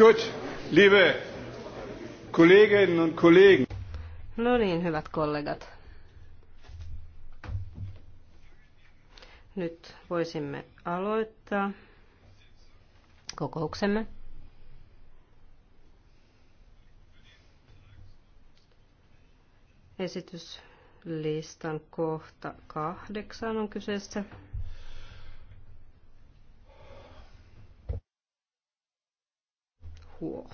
Gut, liebe Kolleginnen und Kollegen. No niin, hyvät kollegat. Nyt voisimme aloittaa kokouksemme. Esityslistan kohta kahdeksan on kyseessä. Huo.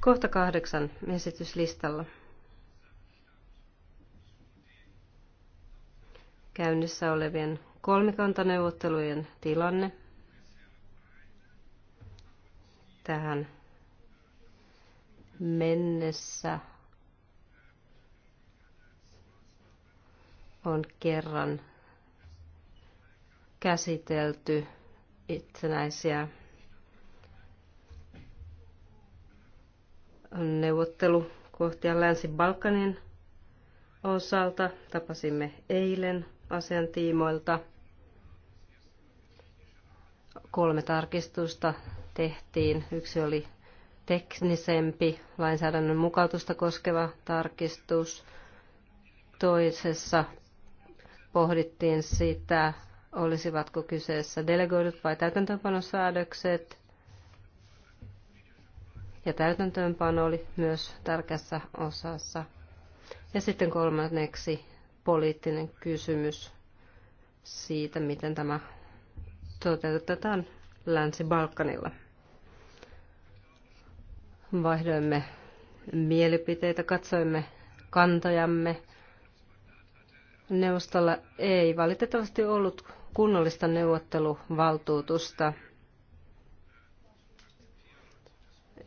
Kohta kahdeksan esityslistalla. Käynnissä olevien kolmikantaneuvottelujen tilanne. Tähän mennessä on kerran käsitelty itsenäisiä neuvottelukohtia Länsi-Balkanin osalta. Tapasimme eilen asiantiimoilta. Kolme tarkistusta tehtiin. Yksi oli teknisempi lainsäädännön mukautusta koskeva tarkistus. Toisessa pohdittiin sitä, olisivatko kyseessä delegoidut vai täytäntöönpanosäädökset. Ja täytäntöönpano oli myös tärkeässä osassa. Ja sitten kolmanneksi poliittinen kysymys siitä, miten tämä toteutetaan Länsi-Balkanilla. Vaihdoimme mielipiteitä, katsoimme kantojamme neuvostolla ei valitettavasti ollut kunnollista neuvotteluvaltuutusta.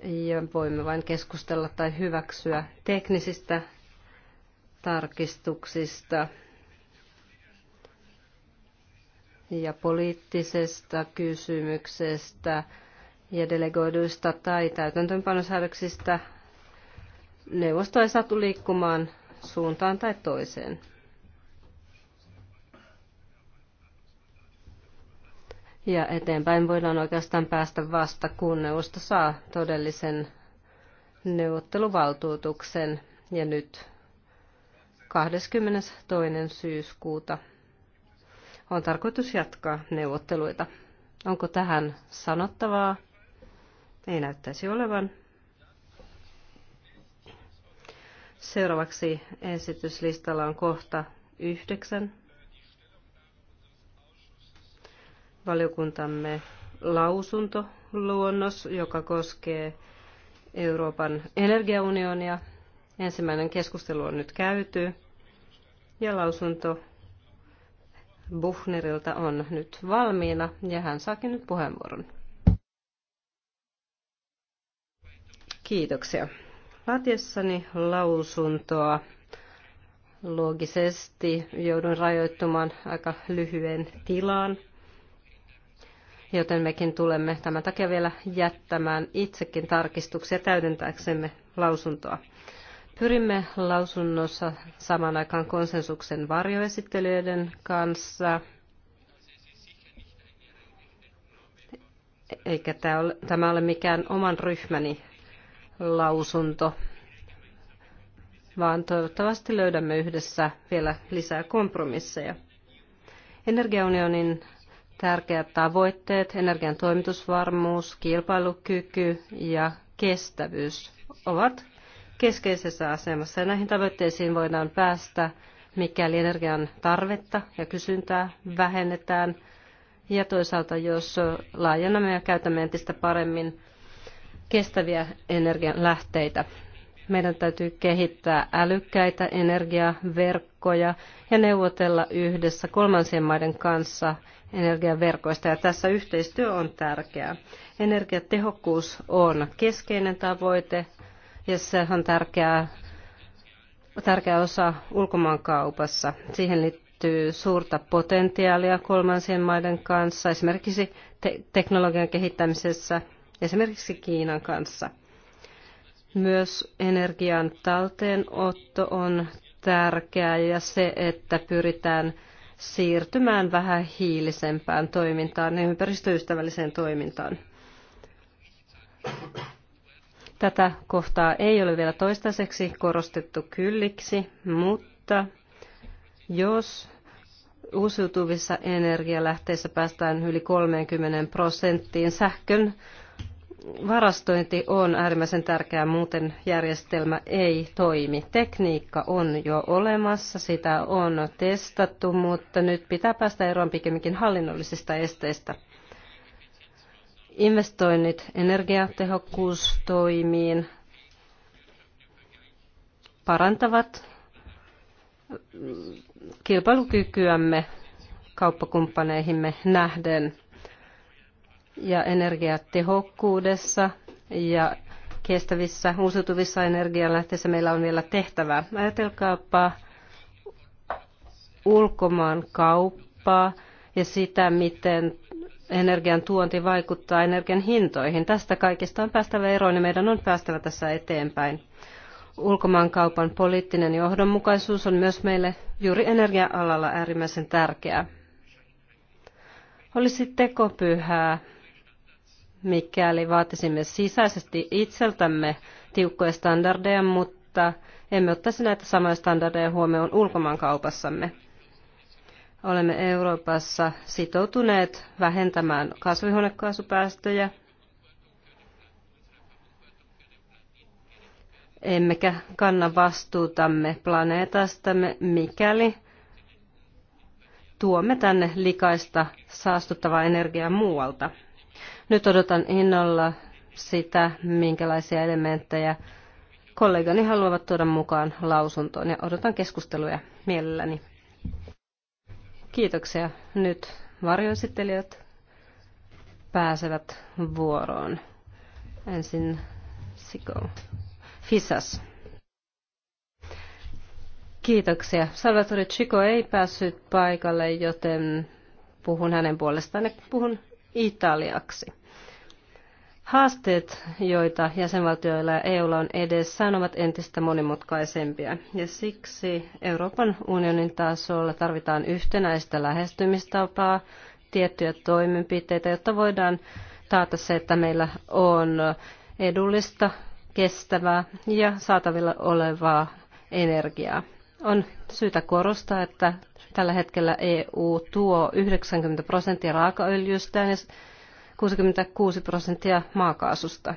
Ja voimme vain keskustella tai hyväksyä teknisistä tarkistuksista ja poliittisesta kysymyksestä ja delegoiduista tai täytäntöönpanosäädöksistä neuvosto ei saatu liikkumaan suuntaan tai toiseen. Ja eteenpäin voidaan oikeastaan päästä vasta, kun neuvosto saa todellisen neuvotteluvaltuutuksen. Ja nyt 22. syyskuuta on tarkoitus jatkaa neuvotteluita. Onko tähän sanottavaa? Ei näyttäisi olevan. Seuraavaksi esityslistalla on kohta yhdeksän. valiokuntamme lausuntoluonnos, joka koskee Euroopan energiaunionia. Ensimmäinen keskustelu on nyt käyty ja lausunto Buchnerilta on nyt valmiina ja hän saakin nyt puheenvuoron. Kiitoksia. Laatiessani lausuntoa loogisesti joudun rajoittumaan aika lyhyen tilaan – joten mekin tulemme tämän takia vielä jättämään itsekin tarkistuksia täydentääksemme lausuntoa. Pyrimme lausunnossa saman aikaan konsensuksen varjoesittelijöiden kanssa. Eikä tämä ole, tämä ole mikään oman ryhmäni lausunto, vaan toivottavasti löydämme yhdessä vielä lisää kompromisseja. Energiaunionin tärkeät tavoitteet, energian toimitusvarmuus, kilpailukyky ja kestävyys ovat keskeisessä asemassa. Ja näihin tavoitteisiin voidaan päästä, mikäli energian tarvetta ja kysyntää vähennetään. Ja toisaalta, jos laajennamme ja käytämme entistä paremmin kestäviä energian lähteitä. Meidän täytyy kehittää älykkäitä energiaverkkoja verkkoja ja neuvotella yhdessä kolmansien maiden kanssa energiaverkoista. Ja tässä yhteistyö on tärkeää. Energiatehokkuus on keskeinen tavoite ja se on tärkeää, tärkeä osa ulkomaankaupassa. Siihen liittyy suurta potentiaalia kolmansien maiden kanssa, esimerkiksi te- teknologian kehittämisessä, esimerkiksi Kiinan kanssa. Myös energian talteenotto on tärkeää ja se, että pyritään siirtymään vähän hiilisempään toimintaan ja ympäristöystävälliseen toimintaan. Tätä kohtaa ei ole vielä toistaiseksi korostettu kylliksi, mutta jos uusiutuvissa energialähteissä päästään yli 30 prosenttiin sähkön varastointi on äärimmäisen tärkeää, muuten järjestelmä ei toimi. Tekniikka on jo olemassa, sitä on testattu, mutta nyt pitää päästä eroon pikemminkin hallinnollisista esteistä. Investoinnit energiatehokkuustoimiin parantavat kilpailukykyämme kauppakumppaneihimme nähden ja energiatehokkuudessa ja kestävissä uusiutuvissa energialähteissä meillä on vielä tehtävää. Ajatelkaapa ulkomaan kauppaa ja sitä, miten energian tuonti vaikuttaa energian hintoihin. Tästä kaikesta on päästävä eroon ja meidän on päästävä tässä eteenpäin. Ulkomaankaupan poliittinen johdonmukaisuus on myös meille juuri energia-alalla äärimmäisen tärkeää. Olisi tekopyhää mikäli vaatisimme sisäisesti itseltämme tiukkoja standardeja, mutta emme ottaisi näitä samoja standardeja huomioon ulkomaankaupassamme. Olemme Euroopassa sitoutuneet vähentämään kasvihuonekaasupäästöjä, emmekä kanna vastuutamme planeetastamme, mikäli tuomme tänne likaista saastuttavaa energiaa muualta. Nyt odotan innolla sitä, minkälaisia elementtejä kollegani haluavat tuoda mukaan lausuntoon ja odotan keskusteluja mielelläni. Kiitoksia. Nyt varjoesittelijät pääsevät vuoroon. Ensin Siko. Fisas. Kiitoksia. Salvatore Chico ei päässyt paikalle, joten puhun hänen puolestaan ja puhun italiaksi. Haasteet, joita jäsenvaltioilla ja EUlla on edessään, ovat entistä monimutkaisempia, ja siksi Euroopan unionin tasolla tarvitaan yhtenäistä lähestymistapaa, tiettyjä toimenpiteitä, jotta voidaan taata se, että meillä on edullista, kestävää ja saatavilla olevaa energiaa. On syytä korostaa, että tällä hetkellä EU tuo 90 prosenttia raakaöljystä ja 66 prosenttia maakaasusta.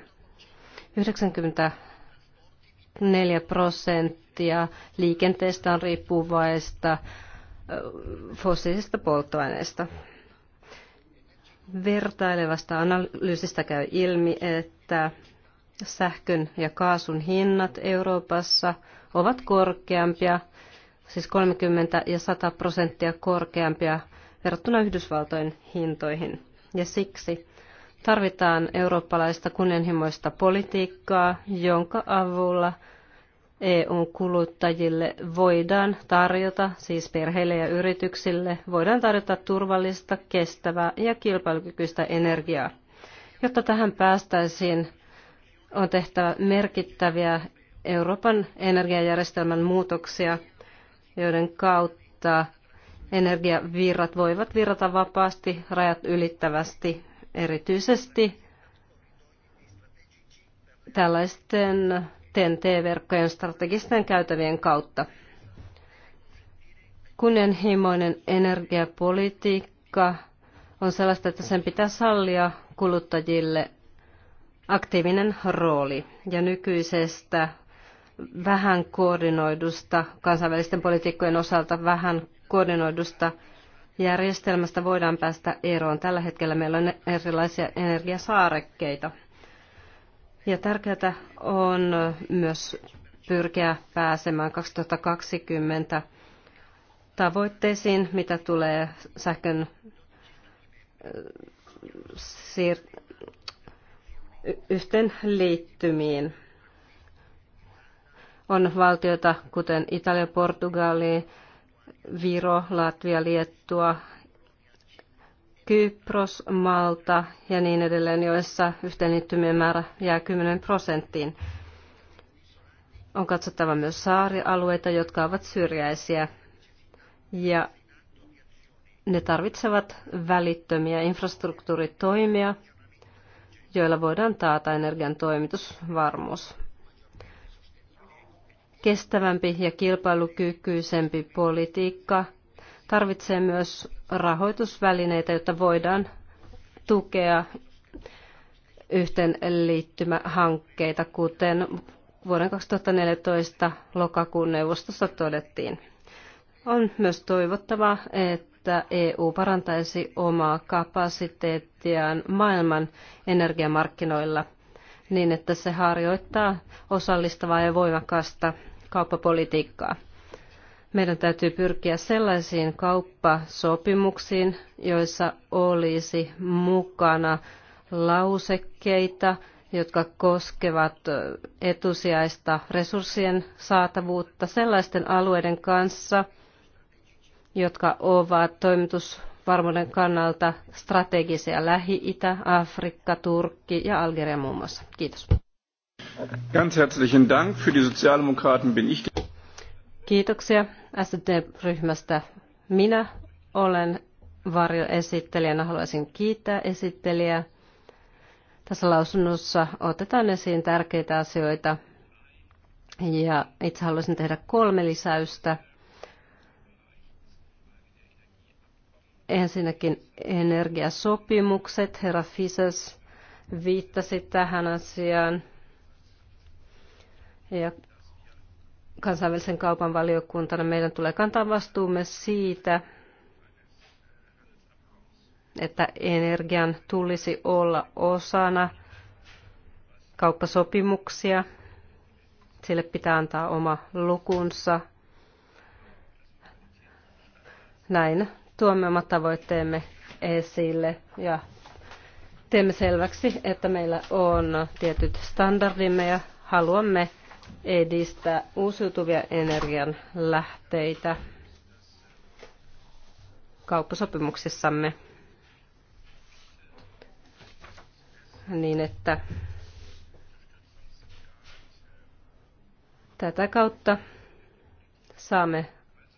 94 prosenttia liikenteestä on riippuvaista fossiilisista polttoaineista. Vertailevasta analyysistä käy ilmi, että sähkön ja kaasun hinnat Euroopassa ovat korkeampia siis 30 ja 100 prosenttia korkeampia verrattuna Yhdysvaltojen hintoihin. Ja siksi tarvitaan eurooppalaista kunnianhimoista politiikkaa, jonka avulla EUn kuluttajille voidaan tarjota, siis perheille ja yrityksille, voidaan tarjota turvallista, kestävää ja kilpailukykyistä energiaa. Jotta tähän päästäisiin, on tehtävä merkittäviä Euroopan energiajärjestelmän muutoksia – joiden kautta energiavirrat voivat virrata vapaasti rajat ylittävästi, erityisesti tällaisten TNT-verkkojen strategisten käytävien kautta. Kunnianhimoinen energiapolitiikka on sellaista, että sen pitää sallia kuluttajille aktiivinen rooli ja nykyisestä vähän koordinoidusta kansainvälisten poliitikkojen osalta vähän koordinoidusta järjestelmästä voidaan päästä eroon. Tällä hetkellä meillä on erilaisia energiasaarekkeita. Ja tärkeää on myös pyrkiä pääsemään 2020 tavoitteisiin, mitä tulee sähkön äh, siir- liittymiin. On valtioita, kuten Italia, Portugali, Viro, Latvia, Liettua, Kypros, Malta ja niin edelleen, joissa yhteenliittymien määrä jää 10 prosenttiin. On katsottava myös saarialueita, jotka ovat syrjäisiä ja ne tarvitsevat välittömiä infrastruktuuritoimia, joilla voidaan taata energian toimitusvarmuus. Kestävämpi ja kilpailukykyisempi politiikka tarvitsee myös rahoitusvälineitä, jotta voidaan tukea yhteenliittymähankkeita, kuten vuoden 2014 lokakuun neuvostossa todettiin. On myös toivottavaa, että EU parantaisi omaa kapasiteettiaan maailman energiamarkkinoilla niin, että se harjoittaa osallistavaa ja voimakasta kauppapolitiikkaa. Meidän täytyy pyrkiä sellaisiin kauppasopimuksiin, joissa olisi mukana lausekkeita, jotka koskevat etusijaista resurssien saatavuutta sellaisten alueiden kanssa, jotka ovat toimitusvarmuuden kannalta strategisia Lähi-Itä, Afrikka, Turkki ja Algeria muun muassa. Kiitos. Ganz herzlichen Dank. Für die Sozialdemokraten bin ich. Kiitoksia SD-ryhmästä. Minä olen varjoesittelijänä. Haluaisin kiittää esittelijää. Tässä lausunnossa otetaan esiin tärkeitä asioita. Ja itse haluaisin tehdä kolme lisäystä. Ensinnäkin energiasopimukset. Herra Fises viittasi tähän asiaan. Ja kansainvälisen kaupan valiokuntana meidän tulee kantaa vastuumme siitä, että energian tulisi olla osana kauppasopimuksia. Sille pitää antaa oma lukunsa. Näin tuomme omat tavoitteemme esille ja teemme selväksi, että meillä on tietyt standardimme ja haluamme edistää uusiutuvia energian lähteitä kauppasopimuksissamme niin, että tätä kautta saamme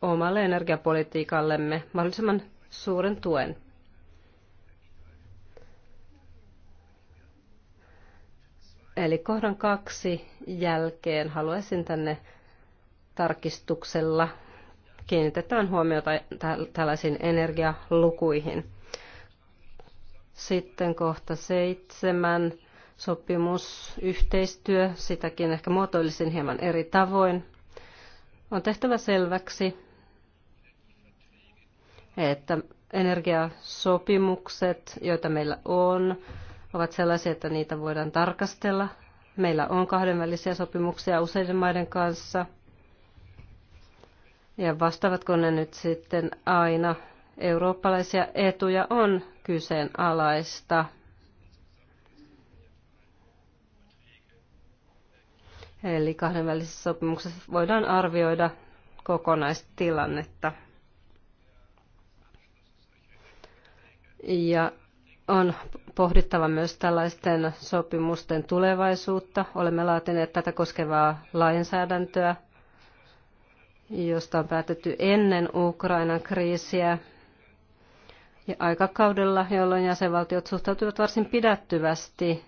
omalle energiapolitiikallemme mahdollisimman suuren tuen. Eli kohdan kaksi jälkeen haluaisin tänne tarkistuksella kiinnitetään huomiota tällaisiin energialukuihin. Sitten kohta seitsemän, sopimusyhteistyö, sitäkin ehkä muotoilisin hieman eri tavoin. On tehtävä selväksi, että energiasopimukset, joita meillä on, ovat sellaisia, että niitä voidaan tarkastella. Meillä on kahdenvälisiä sopimuksia useiden maiden kanssa. Ja vastaavatko ne nyt sitten aina eurooppalaisia etuja on kyseenalaista. Eli kahdenvälisessä sopimuksessa voidaan arvioida kokonaistilannetta. Ja on pohdittava myös tällaisten sopimusten tulevaisuutta. Olemme laatineet tätä koskevaa lainsäädäntöä, josta on päätetty ennen Ukrainan kriisiä ja aikakaudella, jolloin jäsenvaltiot suhtautuivat varsin pidättyvästi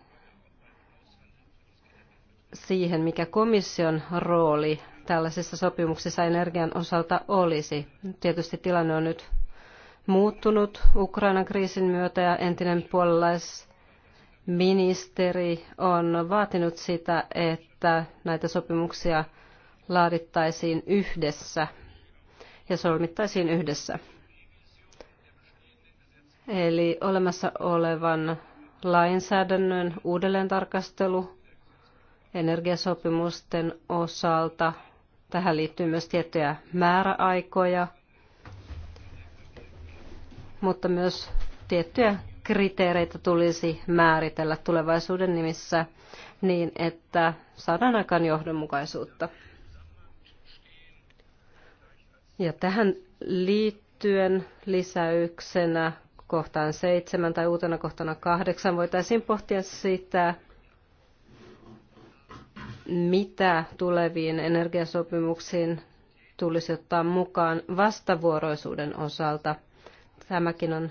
siihen, mikä komission rooli tällaisissa sopimuksissa energian osalta olisi. Tietysti tilanne on nyt muuttunut Ukrainan kriisin myötä ja entinen puolalaisministeri on vaatinut sitä, että näitä sopimuksia laadittaisiin yhdessä ja solmittaisiin yhdessä. Eli olemassa olevan lainsäädännön uudelleentarkastelu energiasopimusten osalta. Tähän liittyy myös tiettyjä määräaikoja – mutta myös tiettyjä kriteereitä tulisi määritellä tulevaisuuden nimissä niin, että saadaan aikaan johdonmukaisuutta. Ja tähän liittyen lisäyksenä kohtaan seitsemän tai uutena kohtana kahdeksan voitaisiin pohtia sitä, mitä tuleviin energiasopimuksiin tulisi ottaa mukaan vastavuoroisuuden osalta – Tämäkin on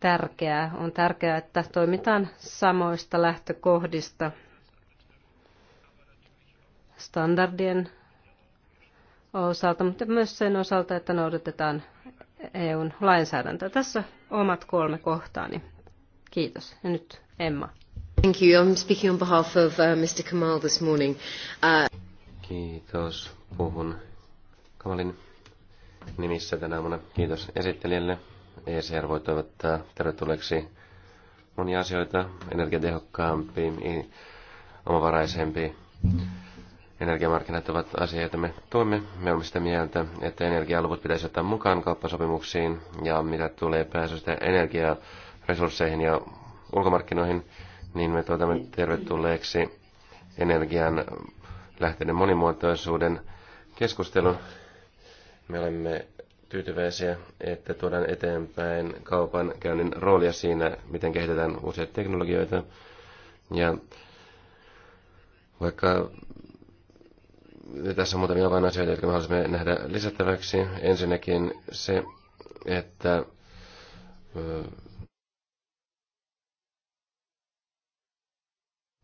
tärkeää. On tärkeää, että toimitaan samoista lähtökohdista. Standardien osalta, mutta myös sen osalta, että noudatetaan EUn lainsäädäntöä. Tässä omat kolme kohtaani. Kiitos. Ja nyt Emma. Thank you. I'm speaking on behalf of uh, Mr. Kamal this morning. Uh... Kiitos. Puhun Kamalin nimissä tänä aamuna. Kiitos esittelijälle. ECR voi toivottaa tervetulleeksi monia asioita, energiatehokkaampi, omavaraisempi. Energiamarkkinat ovat asia, joita me tuemme. Me olemme sitä mieltä, että energialuvut pitäisi ottaa mukaan kauppasopimuksiin ja mitä tulee pääsystä energiaresursseihin ja ulkomarkkinoihin, niin me tuotamme tervetulleeksi energian lähteiden monimuotoisuuden keskustelun. Me olemme tyytyväisiä, että tuodaan eteenpäin kaupan käynnin roolia siinä, miten kehitetään uusia teknologioita. Ja vaikka tässä on muutamia asioita, jotka me haluaisimme nähdä lisättäväksi. Ensinnäkin se, että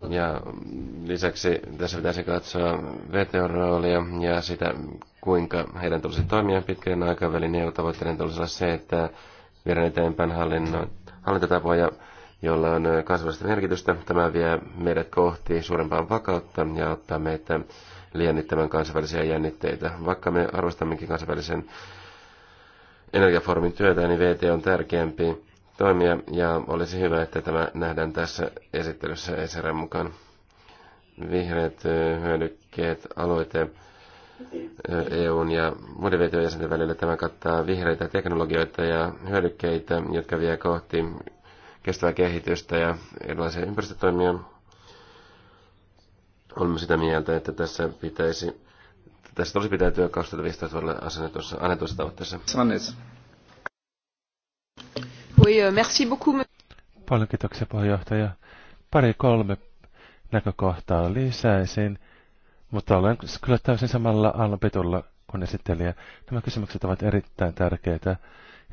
Ja lisäksi tässä pitäisi katsoa VTOn roolia ja sitä, kuinka heidän tulisi toimia pitkän aikavälin EU-tavoitteiden tulisi olla se, että viedään eteenpäin hallinnon, hallintotapoja, jolla on kasvallista merkitystä. Tämä vie meidät kohti suurempaa vakautta ja ottaa meitä liennittämään kansainvälisiä jännitteitä. Vaikka me arvostammekin kansainvälisen energiaformin työtä, niin VT on tärkeämpi toimia ja olisi hyvä, että tämä nähdään tässä esittelyssä ESRn mukaan. Vihreät hyödykkeet aloite EUn ja muiden VTO-jäsenten välillä tämä kattaa vihreitä teknologioita ja hyödykkeitä, jotka vie kohti kestävää kehitystä ja erilaisia ympäristötoimia. Olemme sitä mieltä, että tässä pitäisi, tässä pitää työ 2015 vuodelle asennetussa annetussa tavoitteessa. Oui, euh, merci beaucoup. Paljon kiitoksia puheenjohtaja. Pari kolme näkökohtaa lisäisin, mutta olen kyllä täysin samalla aallonpitulla kuin esittelijä. Nämä kysymykset ovat erittäin tärkeitä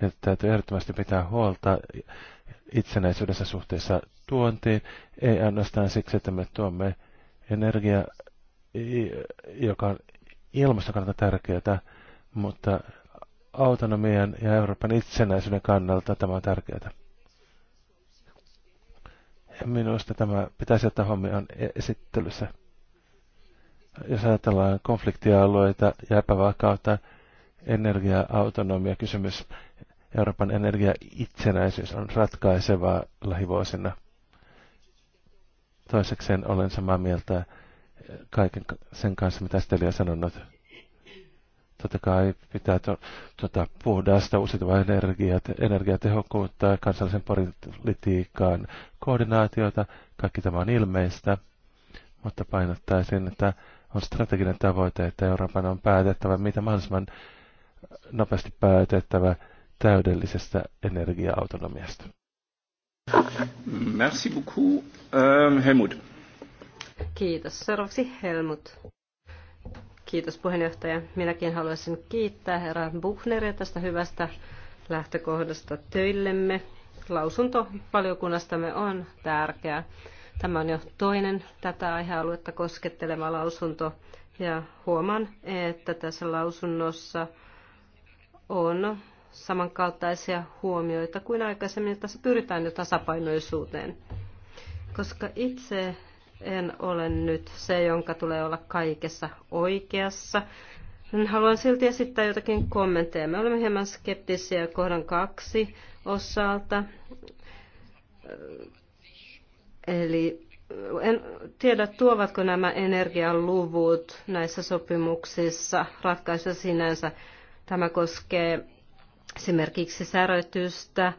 ja täytyy ehdottomasti pitää huolta itsenäisyydessä suhteessa tuontiin, ei ainoastaan siksi, että me tuomme energiaa, joka on ilmaston kannalta tärkeää, mutta autonomian ja Euroopan itsenäisyyden kannalta tämä on tärkeää. Ja minusta tämä pitäisi ottaa huomioon e- esittelyssä. Jos ajatellaan konfliktialueita ja epävakautta, energia-autonomia kysymys, Euroopan energia-itsenäisyys on ratkaisevaa lähivuosina. Toisekseen olen samaa mieltä kaiken sen kanssa, mitä Stelia on sanonut Totta kai pitää to, tuota, puhdasta uusiutuvaa energiaa, energiatehokkuutta ja kansallisen politiikan koordinaatiota. Kaikki tämä on ilmeistä, mutta painottaisin, että on strateginen tavoite, että Euroopan on päätettävä mitä mahdollisimman nopeasti päätettävä täydellisestä energiaautonomiasta. Merci beaucoup, um, Helmut. Kiitos. Seuraavaksi Helmut. Kiitos puheenjohtaja. Minäkin haluaisin kiittää herra Buchneria tästä hyvästä lähtökohdasta töillemme. Lausunto valiokunnastamme on tärkeä. Tämä on jo toinen tätä aihealuetta kosketteleva lausunto ja huomaan, että tässä lausunnossa on samankaltaisia huomioita kuin aikaisemmin. Tässä pyritään jo tasapainoisuuteen. Koska itse en ole nyt se, jonka tulee olla kaikessa oikeassa. Haluan silti esittää jotakin kommentteja. Me olemme hieman skeptisiä kohdan kaksi osalta. Eli en tiedä, tuovatko nämä energialuvut näissä sopimuksissa ratkaisuja sinänsä. Tämä koskee esimerkiksi säröitystä,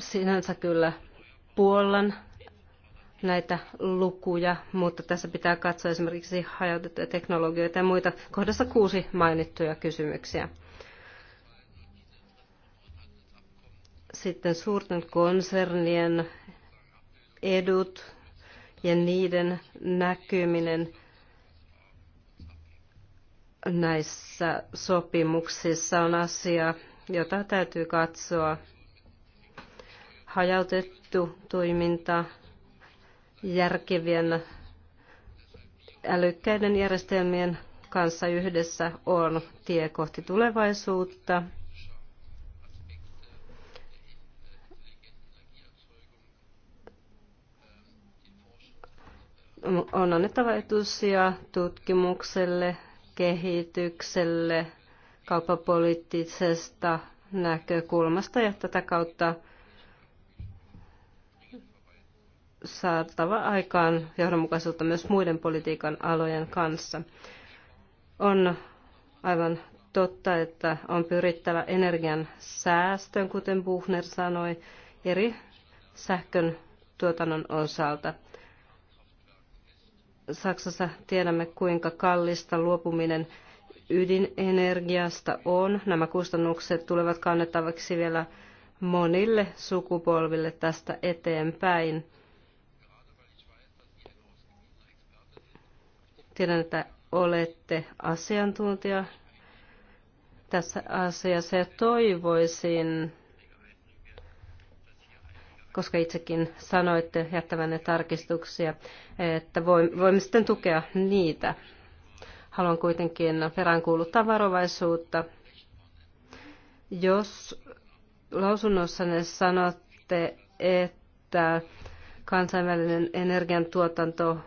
sinänsä kyllä puollan näitä lukuja, mutta tässä pitää katsoa esimerkiksi hajautettuja teknologioita ja muita kohdassa kuusi mainittuja kysymyksiä. Sitten suurten konsernien edut ja niiden näkyminen näissä sopimuksissa on asia, jota täytyy katsoa hajautettu toiminta järkevien älykkäiden järjestelmien kanssa yhdessä on tie kohti tulevaisuutta. On annettava etusia tutkimukselle, kehitykselle, kauppapoliittisesta näkökulmasta ja tätä kautta saatava aikaan johdonmukaisuutta myös muiden politiikan alojen kanssa. On aivan totta, että on pyrittävä energian säästöön, kuten Buchner sanoi, eri sähkön tuotannon osalta. Saksassa tiedämme, kuinka kallista luopuminen ydinenergiasta on. Nämä kustannukset tulevat kannettavaksi vielä monille sukupolville tästä eteenpäin. Tiedän, että olette asiantuntija tässä asiassa ja toivoisin, koska itsekin sanoitte jättävänne tarkistuksia, että voimme sitten tukea niitä. Haluan kuitenkin peräänkuuluttaa varovaisuutta. Jos lausunnossanne sanotte, että kansainvälinen energiantuotanto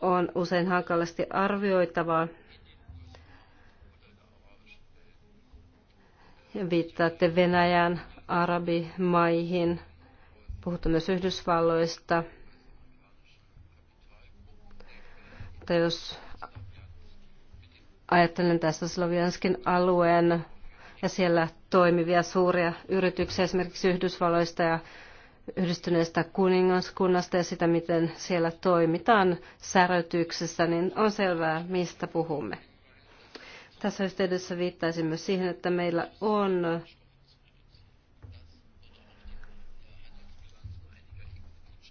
on usein hankalasti arvioitavaa. Viittaatte Venäjän, arabimaihin, puhutte myös Yhdysvalloista. Mutta jos ajattelen tässä Slovianskin alueen ja siellä toimivia suuria yrityksiä esimerkiksi Yhdysvalloista ja yhdistyneestä kuningaskunnasta ja sitä, miten siellä toimitaan särötyksessä, niin on selvää, mistä puhumme. Tässä yhteydessä viittaisin myös siihen, että meillä on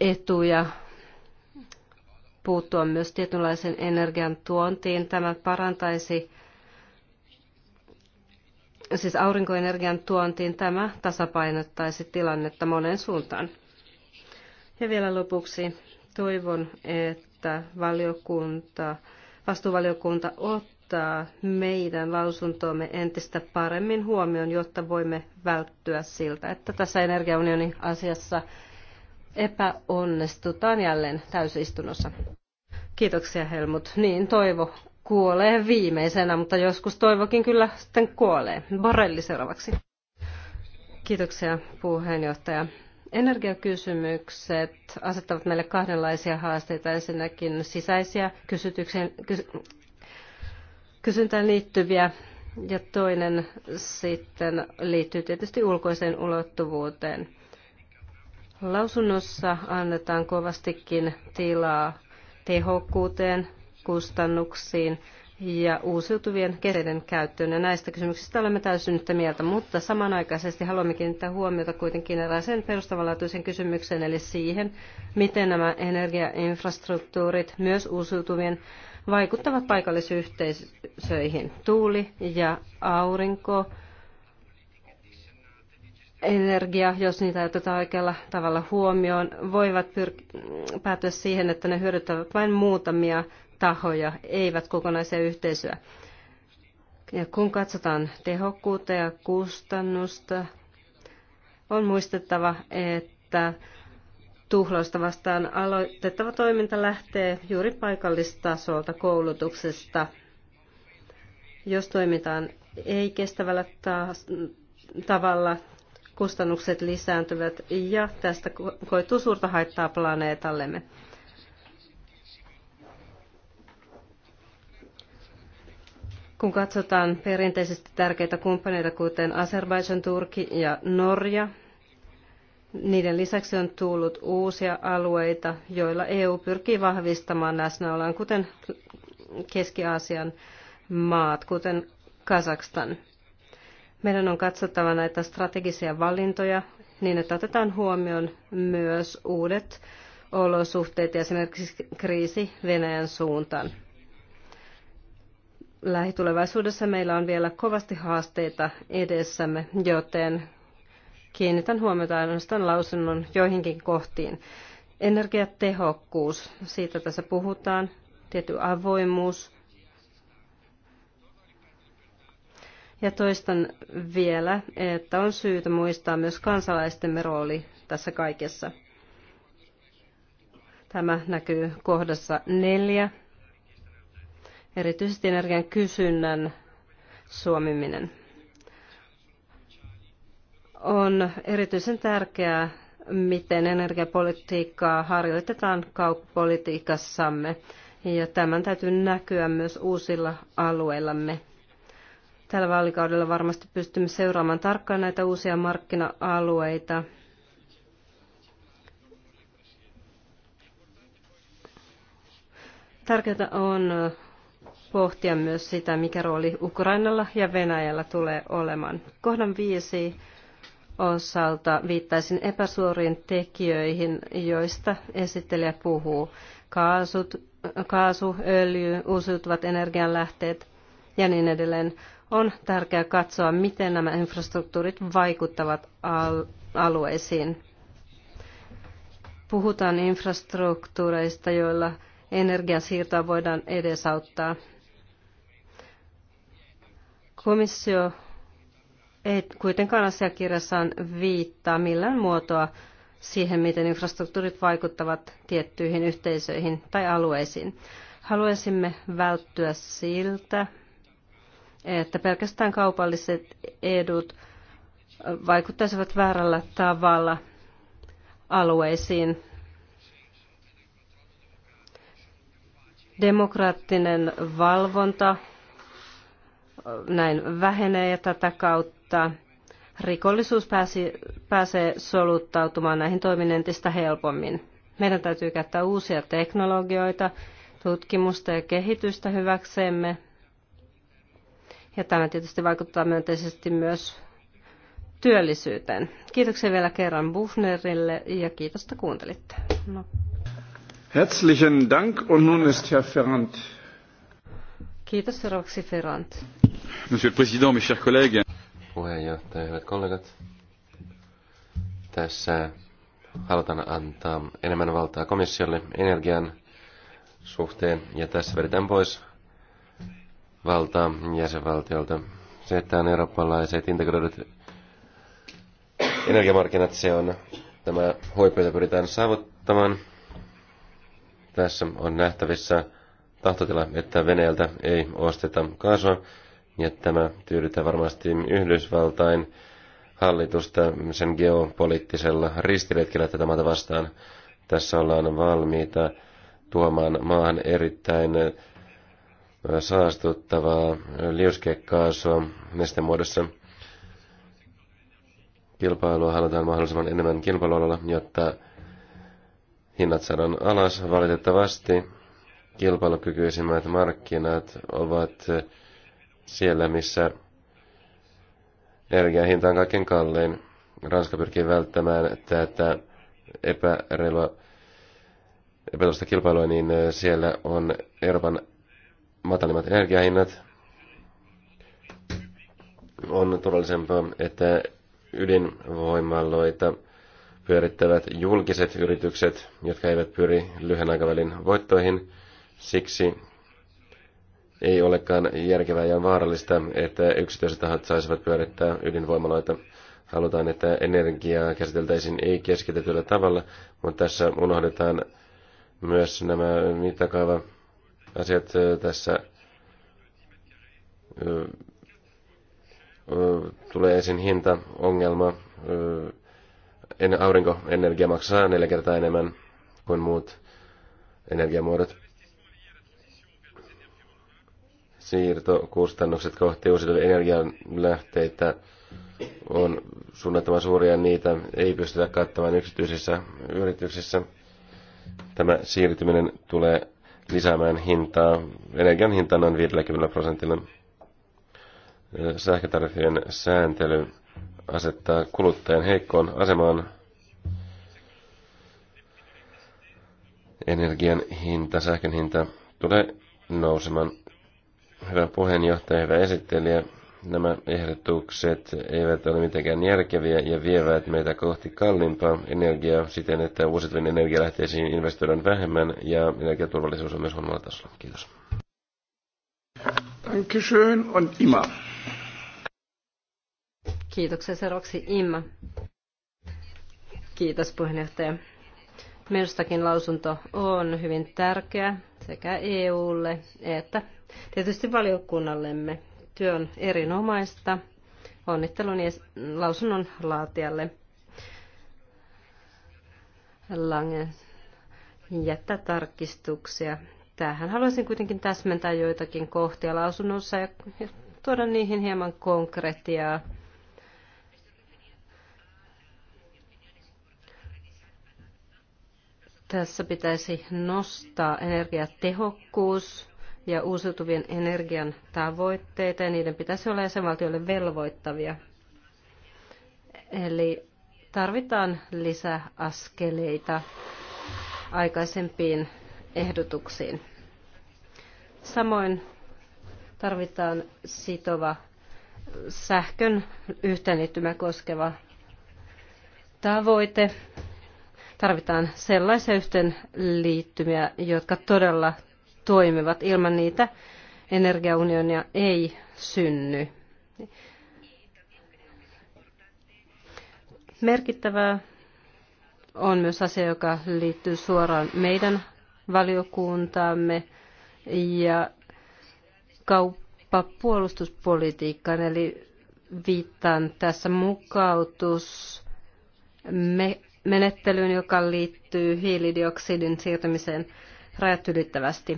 etuja puuttua myös tietynlaisen energian tuontiin. Tämä parantaisi siis aurinkoenergian tuontiin, tämä tasapainottaisi tilannetta monen suuntaan. Ja vielä lopuksi toivon, että valiokunta, vastuuvaliokunta ottaa meidän lausuntoamme entistä paremmin huomioon, jotta voimme välttyä siltä, että tässä energiaunionin asiassa epäonnistutaan jälleen täysistunnossa. Kiitoksia Helmut. Niin, toivo kuolee viimeisenä, mutta joskus toivokin kyllä sitten kuolee. Borelli seuraavaksi. Kiitoksia puheenjohtaja. Energiakysymykset asettavat meille kahdenlaisia haasteita. Ensinnäkin sisäisiä kys, kysyntään liittyviä ja toinen sitten liittyy tietysti ulkoiseen ulottuvuuteen. Lausunnossa annetaan kovastikin tilaa tehokkuuteen, kustannuksiin ja uusiutuvien keseiden käyttöön. Ja näistä kysymyksistä olemme täysin yhtä mieltä, mutta samanaikaisesti haluamme kiinnittää huomiota kuitenkin erääseen perustavanlaatuisen kysymykseen, eli siihen, miten nämä energiainfrastruktuurit, myös uusiutuvien, vaikuttavat paikallisyhteisöihin. Tuuli ja aurinko, energia, jos niitä otetaan oikealla tavalla huomioon, voivat pyr- päätyä siihen, että ne hyödyttävät vain muutamia tahoja, eivät kokonaisia yhteisöjä. Ja kun katsotaan tehokkuutta ja kustannusta, on muistettava, että tuhlausta vastaan aloitettava toiminta lähtee juuri paikallistasolta koulutuksesta. Jos toimitaan ei kestävällä tavalla, kustannukset lisääntyvät ja tästä koituu suurta haittaa planeetallemme. Kun katsotaan perinteisesti tärkeitä kumppaneita, kuten Azerbaijan, Turki ja Norja, niiden lisäksi on tullut uusia alueita, joilla EU pyrkii vahvistamaan läsnäoloaan, kuten Keski-Aasian maat, kuten Kazakstan. Meidän on katsottava näitä strategisia valintoja niin, että otetaan huomioon myös uudet olosuhteet ja esimerkiksi kriisi Venäjän suuntaan lähitulevaisuudessa meillä on vielä kovasti haasteita edessämme, joten kiinnitän huomiota ainoastaan lausunnon joihinkin kohtiin. Energiatehokkuus, siitä tässä puhutaan, tietty avoimuus. Ja toistan vielä, että on syytä muistaa myös kansalaistemme rooli tässä kaikessa. Tämä näkyy kohdassa neljä erityisesti energian kysynnän suomiminen. On erityisen tärkeää, miten energiapolitiikkaa harjoitetaan kauppapolitiikassamme, ja tämän täytyy näkyä myös uusilla alueillamme. Tällä vaalikaudella varmasti pystymme seuraamaan tarkkaan näitä uusia markkina-alueita. Tärkeää on pohtia myös sitä, mikä rooli Ukrainalla ja Venäjällä tulee olemaan. Kohdan viisi osalta viittaisin epäsuoriin tekijöihin, joista esittelijä puhuu. Kaasut, kaasu, öljy, uusiutuvat energianlähteet ja niin edelleen. On tärkeää katsoa, miten nämä infrastruktuurit vaikuttavat alueisiin. Puhutaan infrastruktuureista, joilla energiasiirtoa voidaan edesauttaa. Komissio ei kuitenkaan asiakirjassaan viittaa millään muotoa siihen, miten infrastruktuurit vaikuttavat tiettyihin yhteisöihin tai alueisiin. Haluaisimme välttyä siltä, että pelkästään kaupalliset edut vaikuttaisivat väärällä tavalla alueisiin. Demokraattinen valvonta näin vähenee ja tätä kautta rikollisuus pääsi, pääsee soluttautumaan näihin toimiin entistä helpommin. Meidän täytyy käyttää uusia teknologioita, tutkimusta ja kehitystä hyväksemme. Ja tämä tietysti vaikuttaa myönteisesti myös työllisyyteen. Kiitoksia vielä kerran Buchnerille ja kiitos, että kuuntelitte. No. Herzlichen Dank und nun ist Herr Ferrand. Kiitos seuraavaksi Ferrand. Monsieur le Président, mes chers collègues. Puheenjohtaja, hyvät kollegat. Tässä halutaan antaa enemmän valtaa komissiolle energian suhteen, ja tässä vedetään pois valtaa jäsenvaltiolta. Se, että on eurooppalaiset integroidut energiamarkkinat, se on tämä huippu, jota pyritään saavuttamaan. Tässä on nähtävissä tahtotila, että Venäjältä ei osteta kaasua ja tämä tyydyttää varmasti Yhdysvaltain hallitusta sen geopoliittisella ristiretkellä tätä maata vastaan. Tässä ollaan valmiita tuomaan maahan erittäin saastuttavaa liuskekaasua neste muodossa. Kilpailua halutaan mahdollisimman enemmän kilpailualalla, jotta hinnat saadaan alas. Valitettavasti kilpailukykyisimmät markkinat ovat siellä, missä energian hinta on kaiken kallein. Ranska pyrkii välttämään tätä epäreilua epätoista kilpailua, niin siellä on Euroopan matalimmat energiahinnat. On turvallisempaa, että ydinvoimaloita pyörittävät julkiset yritykset, jotka eivät pyri lyhyen aikavälin voittoihin. Siksi ei olekaan järkevää ja vaarallista, että yksityiset tahot saisivat pyörittää ydinvoimaloita. Halutaan, että energiaa käsiteltäisiin ei keskitetyllä tavalla, mutta tässä unohdetaan myös nämä mittakaava asiat tässä tulee esiin hintaongelma. Aurinkoenergia maksaa neljä kertaa enemmän kuin muut energiamuodot siirtokustannukset kohti uusiutuvia energianlähteitä on suunnattoman suuria, niitä ei pystytä kattamaan yksityisissä yrityksissä. Tämä siirtyminen tulee lisäämään hintaa, energian hintaa noin 50 prosentilla. Sähkötariffien sääntely asettaa kuluttajan heikkoon asemaan energian hinta, sähkön hinta tulee nousemaan Hyvä puheenjohtaja, hyvä esittelijä. Nämä ehdotukset eivät ole mitenkään järkeviä ja vievät meitä kohti kalliimpaa energiaa siten, että uusiutuvien energialähteisiin investoidaan vähemmän ja energiaturvallisuus on myös huonolla tasolla. Kiitos. Dankeschön on Imma. Kiitoksia seuraavaksi Imma. Kiitos puheenjohtaja. Minustakin lausunto on hyvin tärkeä sekä EUlle että tietysti valiokunnallemme. Työ on erinomaista. Onnittelun lausunnon laatijalle Lange jättää tarkistuksia. Tähän haluaisin kuitenkin täsmentää joitakin kohtia lausunnossa ja tuoda niihin hieman konkretiaa. Tässä pitäisi nostaa energiatehokkuus ja uusiutuvien energian tavoitteita, ja niiden pitäisi olla jäsenvaltioille velvoittavia. Eli tarvitaan lisäaskeleita aikaisempiin ehdotuksiin. Samoin tarvitaan sitova sähkön yhteenliittymä koskeva tavoite. Tarvitaan sellaisia yhteenliittymiä, jotka todella toimivat. Ilman niitä energiaunionia ei synny. Merkittävää on myös asia, joka liittyy suoraan meidän valiokuntaamme ja kauppapuolustuspolitiikkaan, eli viittaan tässä mukautus menettelyyn, joka liittyy hiilidioksidin siirtämiseen rajat ylittävästi.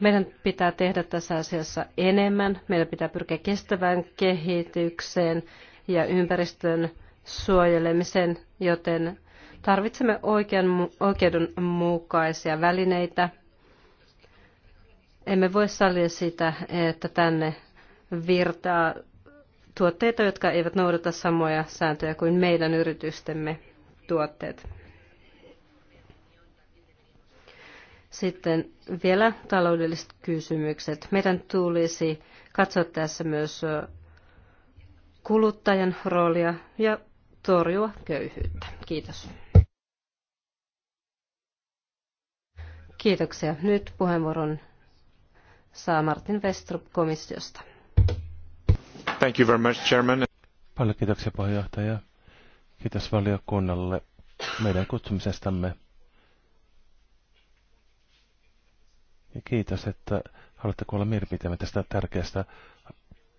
Meidän pitää tehdä tässä asiassa enemmän. Meidän pitää pyrkiä kestävään kehitykseen ja ympäristön suojelemiseen, joten tarvitsemme oikean, oikeudenmukaisia välineitä. Emme voi sallia sitä, että tänne virtaa tuotteita, jotka eivät noudata samoja sääntöjä kuin meidän yritystemme tuotteet. Sitten vielä taloudelliset kysymykset. Meidän tulisi katsoa tässä myös kuluttajan roolia ja torjua köyhyyttä. Kiitos. Kiitoksia. Nyt puheenvuoron saa Martin Westrup komissiosta. Thank you very much, Chairman. Paljon kiitoksia puheenjohtaja. Kiitos valiokunnalle meidän kutsumisestamme. Ja kiitos, että haluatte kuulla mielipiteemme tästä tärkeästä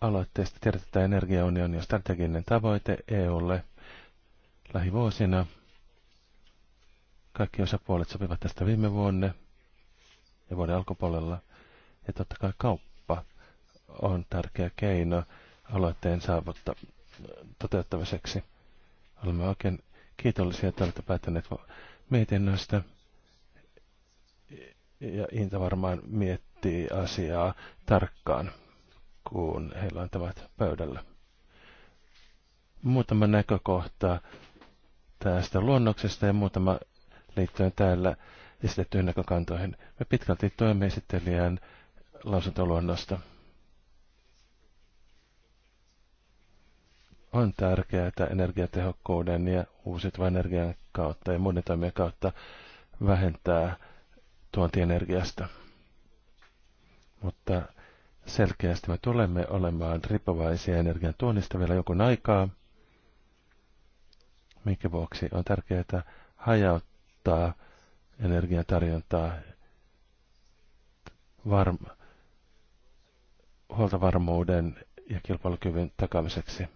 aloitteesta. Tiedätte, että energiaunioni on strateginen tavoite EUlle lähivuosina. Kaikki osapuolet sopivat tästä viime vuonna ja vuoden alkupuolella. Ja totta kai kauppa on tärkeä keino aloitteen saavutta toteuttamiseksi. Olemme oikein kiitollisia, että olette päättäneet mietinnöstä ja Inta varmaan miettii asiaa tarkkaan, kun heillä on tämä pöydällä. Muutama näkökohta tästä luonnoksesta ja muutama liittyen täällä esitettyihin näkökantoihin. Me pitkälti toimme esittelijän lausuntoluonnosta. On tärkeää, että energiatehokkuuden ja uusiutuvan energian kautta ja muiden toimien kautta vähentää tuontienergiasta. Mutta selkeästi me tulemme olemaan riippuvaisia energian tuonnista vielä jonkun aikaa, minkä vuoksi on tärkeää hajauttaa energian tarjontaa varm- huoltovarmuuden ja kilpailukyvyn takaamiseksi.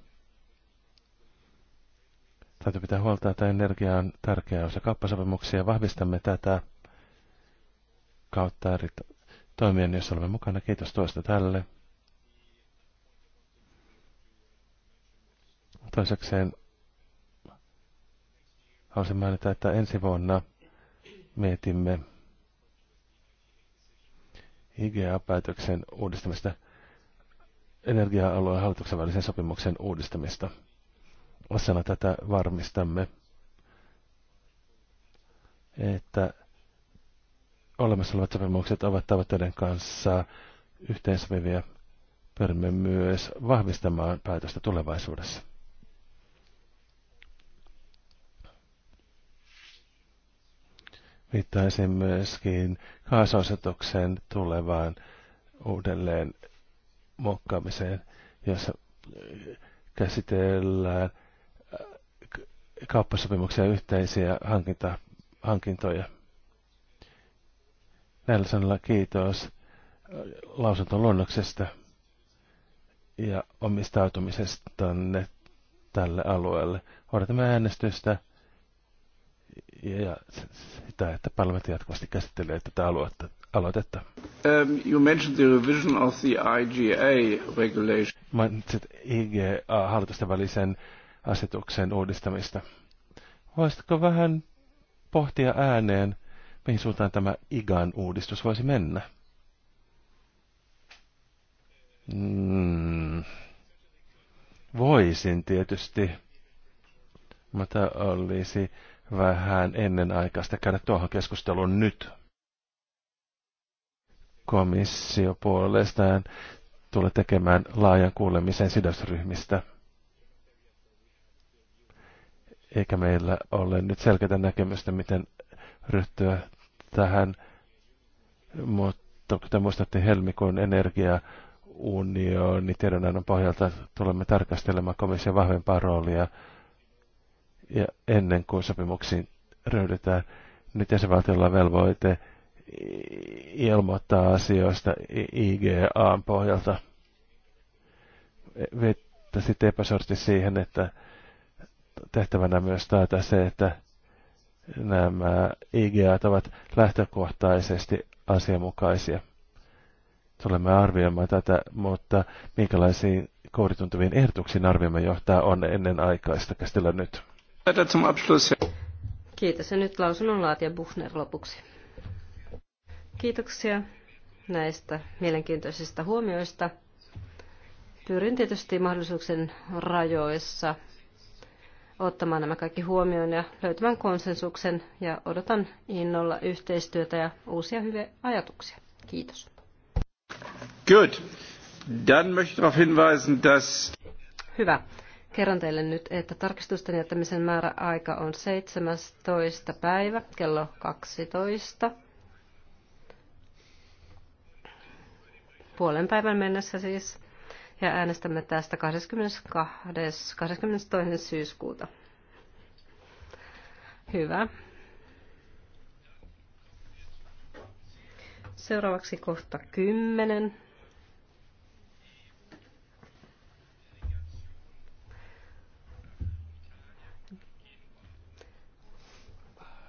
Täytyy pitää huolta, että energia on tärkeä osa kauppasopimuksia. Vahvistamme tätä kautta eri toimien, jos olemme mukana. Kiitos tuosta tälle. Toisekseen haluaisin mainita, että ensi vuonna mietimme IGA-päätöksen uudistamista, energia-alueen hallituksen välisen sopimuksen uudistamista. Osana tätä varmistamme, että olemassa olevat sopimukset ovat tavoitteiden kanssa yhteensopivia. Pyrimme myös vahvistamaan päätöstä tulevaisuudessa. Viittaisin myöskin kaasuasetuksen tulevaan uudelleen muokkaamiseen, jossa äh, käsitellään äh, kauppasopimuksia yhteisiä hankinta, hankintoja. Nelsonilla kiitos lausuntoon luonnoksesta ja omistautumisesta tälle alueelle. Odotamme äänestystä ja sitä, että parlamentti jatkuvasti käsittelee tätä aluetta, aloitetta. Um, you mentioned the revision of the IGA regulation. Mainitsit IGA-hallitusten välisen asetuksen uudistamista. Voisitko vähän pohtia ääneen, mihin suuntaan tämä IGAN uudistus voisi mennä? Mm, voisin tietysti, mutta olisi vähän ennen aikaista käydä tuohon keskusteluun nyt. Komissio puolestaan tulee tekemään laajan kuulemisen sidosryhmistä. Eikä meillä ole nyt selkeää näkemystä, miten ryhtyä tähän, mutta kuten muistatte helmikuun energiaunioni tiedonannon pohjalta tulemme tarkastelemaan komission vahvempaa roolia ja ennen kuin sopimuksiin ryhdytään, nyt jäsenvaltiolla on velvoite ilmoittaa asioista IGAn pohjalta. Viittasit epäsorti siihen, että tehtävänä myös taata se, että nämä IGA ovat lähtökohtaisesti asianmukaisia. Tulemme arvioimaan tätä, mutta minkälaisiin kourituntuviin ehdotuksiin arvioimme johtaa on ennen aikaista käsitellä nyt. Kiitos ja nyt lausunnon laatija Buchner lopuksi. Kiitoksia näistä mielenkiintoisista huomioista. Pyrin tietysti mahdollisuuksien rajoissa ottamaan nämä kaikki huomioon ja löytämään konsensuksen ja odotan innolla yhteistyötä ja uusia hyviä ajatuksia. Kiitos. Good. Dann möchte darauf hinweisen, dass... Hyvä. Kerron teille nyt, että tarkistusten jättämisen määräaika on 17. päivä kello 12. Puolen päivän mennessä siis ja äänestämme tästä 22. 22. syyskuuta. Hyvä. Seuraavaksi kohta 10.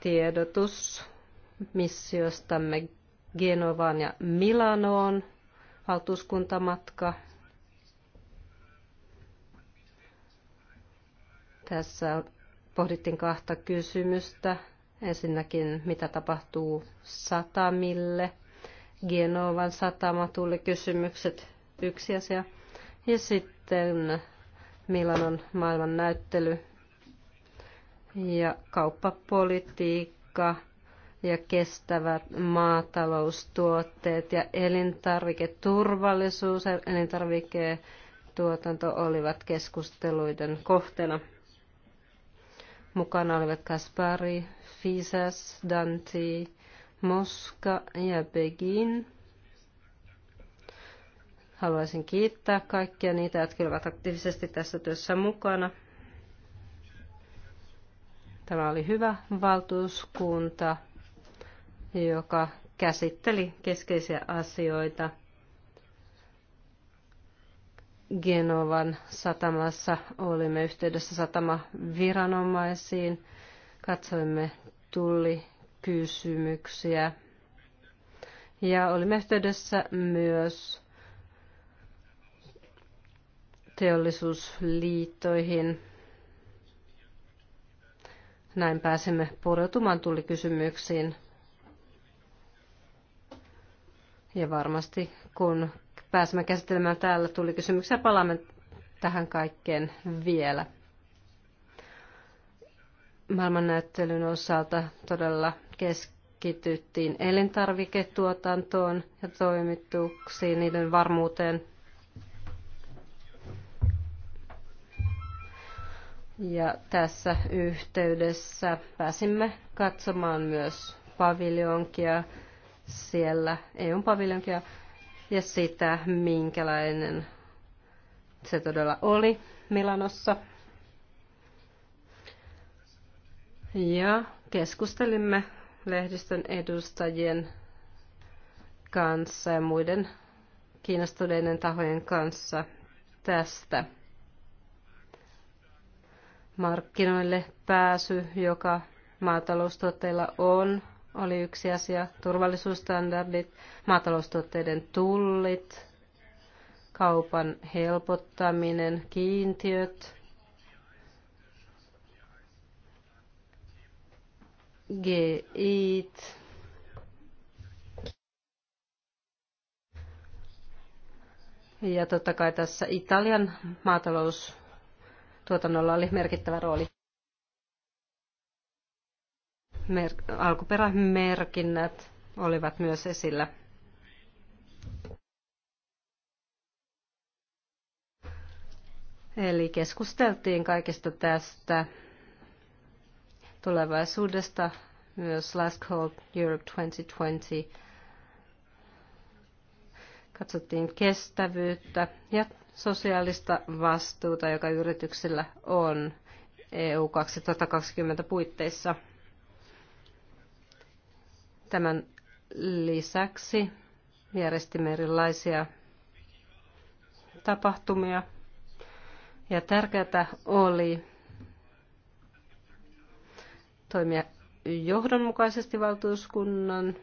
Tiedotus missiostamme Genovaan ja Milanoon valtuuskuntamatka Tässä pohdittiin kahta kysymystä. Ensinnäkin, mitä tapahtuu satamille. Genovan satama tuli kysymykset, yksi asia. Ja sitten Milanon maailman näyttely ja kauppapolitiikka ja kestävät maataloustuotteet ja elintarviketurvallisuus, elintarviketuotanto olivat keskusteluiden kohteena. Mukana olivat Kaspari, Fisas, Danti, Moska ja Begin. Haluaisin kiittää kaikkia niitä, jotka olivat aktiivisesti tässä työssä mukana. Tämä oli hyvä valtuuskunta, joka käsitteli keskeisiä asioita – Genovan satamassa olimme yhteydessä satamaviranomaisiin, katsoimme tullikysymyksiä ja olimme yhteydessä myös teollisuusliittoihin. Näin pääsemme pureutumaan tullikysymyksiin. Ja varmasti kun pääsemme käsittelemään täällä. Tuli kysymyksiä, palaamme tähän kaikkeen vielä. Maailmannäyttelyn osalta todella keskityttiin elintarviketuotantoon ja toimituksiin, niiden varmuuteen. Ja tässä yhteydessä pääsimme katsomaan myös paviljonkia, siellä eu paviljonkia ja sitä, minkälainen se todella oli Milanossa. Ja keskustelimme lehdistön edustajien kanssa ja muiden kiinnostuneiden tahojen kanssa tästä markkinoille pääsy, joka maataloustuotteilla on, oli yksi asia, turvallisuusstandardit, maataloustuotteiden tullit, kaupan helpottaminen, kiintiöt, GIT, ja totta kai tässä Italian maataloustuotannolla oli merkittävä rooli mer- alkuperämerkinnät olivat myös esillä. Eli keskusteltiin kaikesta tästä tulevaisuudesta myös Last Call Europe 2020. Katsottiin kestävyyttä ja sosiaalista vastuuta, joka yrityksillä on EU 2020 puitteissa. Tämän lisäksi järjestimme erilaisia tapahtumia. Ja tärkeää oli toimia johdonmukaisesti valtuuskunnan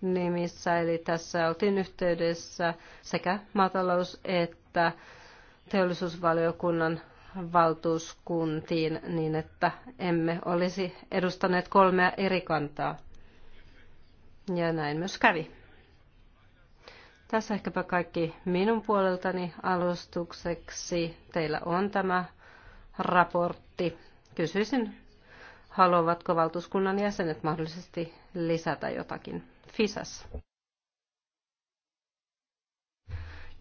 nimissä. Eli tässä oltiin yhteydessä sekä maatalous- että teollisuusvaliokunnan valtuuskuntiin niin, että emme olisi edustaneet kolmea eri kantaa. Ja näin myös kävi. Tässä ehkäpä kaikki minun puoleltani alustukseksi. Teillä on tämä raportti. Kysyisin, haluavatko valtuuskunnan jäsenet mahdollisesti lisätä jotakin. FISAS.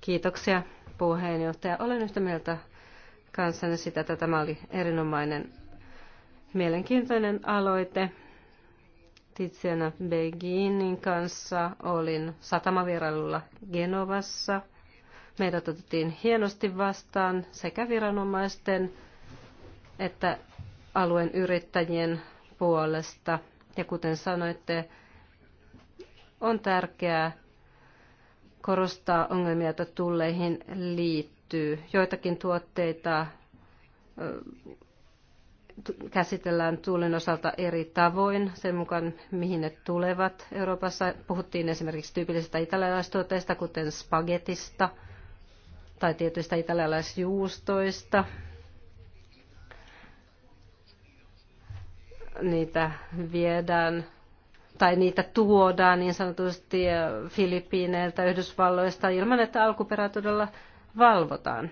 Kiitoksia puheenjohtaja. Olen yhtä mieltä kanssanne sitä, että tämä oli erinomainen mielenkiintoinen aloite Tiziana Beginin kanssa olin satamavierailulla Genovassa. Meidät otettiin hienosti vastaan sekä viranomaisten että alueen yrittäjien puolesta. Ja kuten sanoitte, on tärkeää korostaa ongelmia, joita tulleihin liittyy. Joitakin tuotteita käsitellään tuulen osalta eri tavoin sen mukaan, mihin ne tulevat. Euroopassa puhuttiin esimerkiksi tyypillisistä italialaistuotteista, kuten spagetista tai tietyistä italialaisjuustoista. Niitä viedään tai niitä tuodaan niin sanotusti Filippiineiltä, Yhdysvalloista ilman, että alkuperää todella valvotaan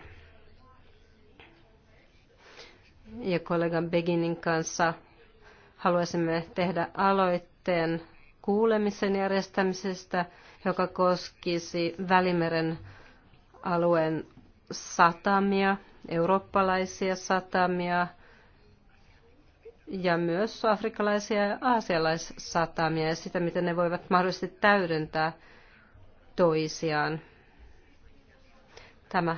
ja kollegan Beginin kanssa haluaisimme tehdä aloitteen kuulemisen järjestämisestä, joka koskisi Välimeren alueen satamia, eurooppalaisia satamia ja myös afrikkalaisia ja aasialaissatamia ja sitä, miten ne voivat mahdollisesti täydentää toisiaan. Tämä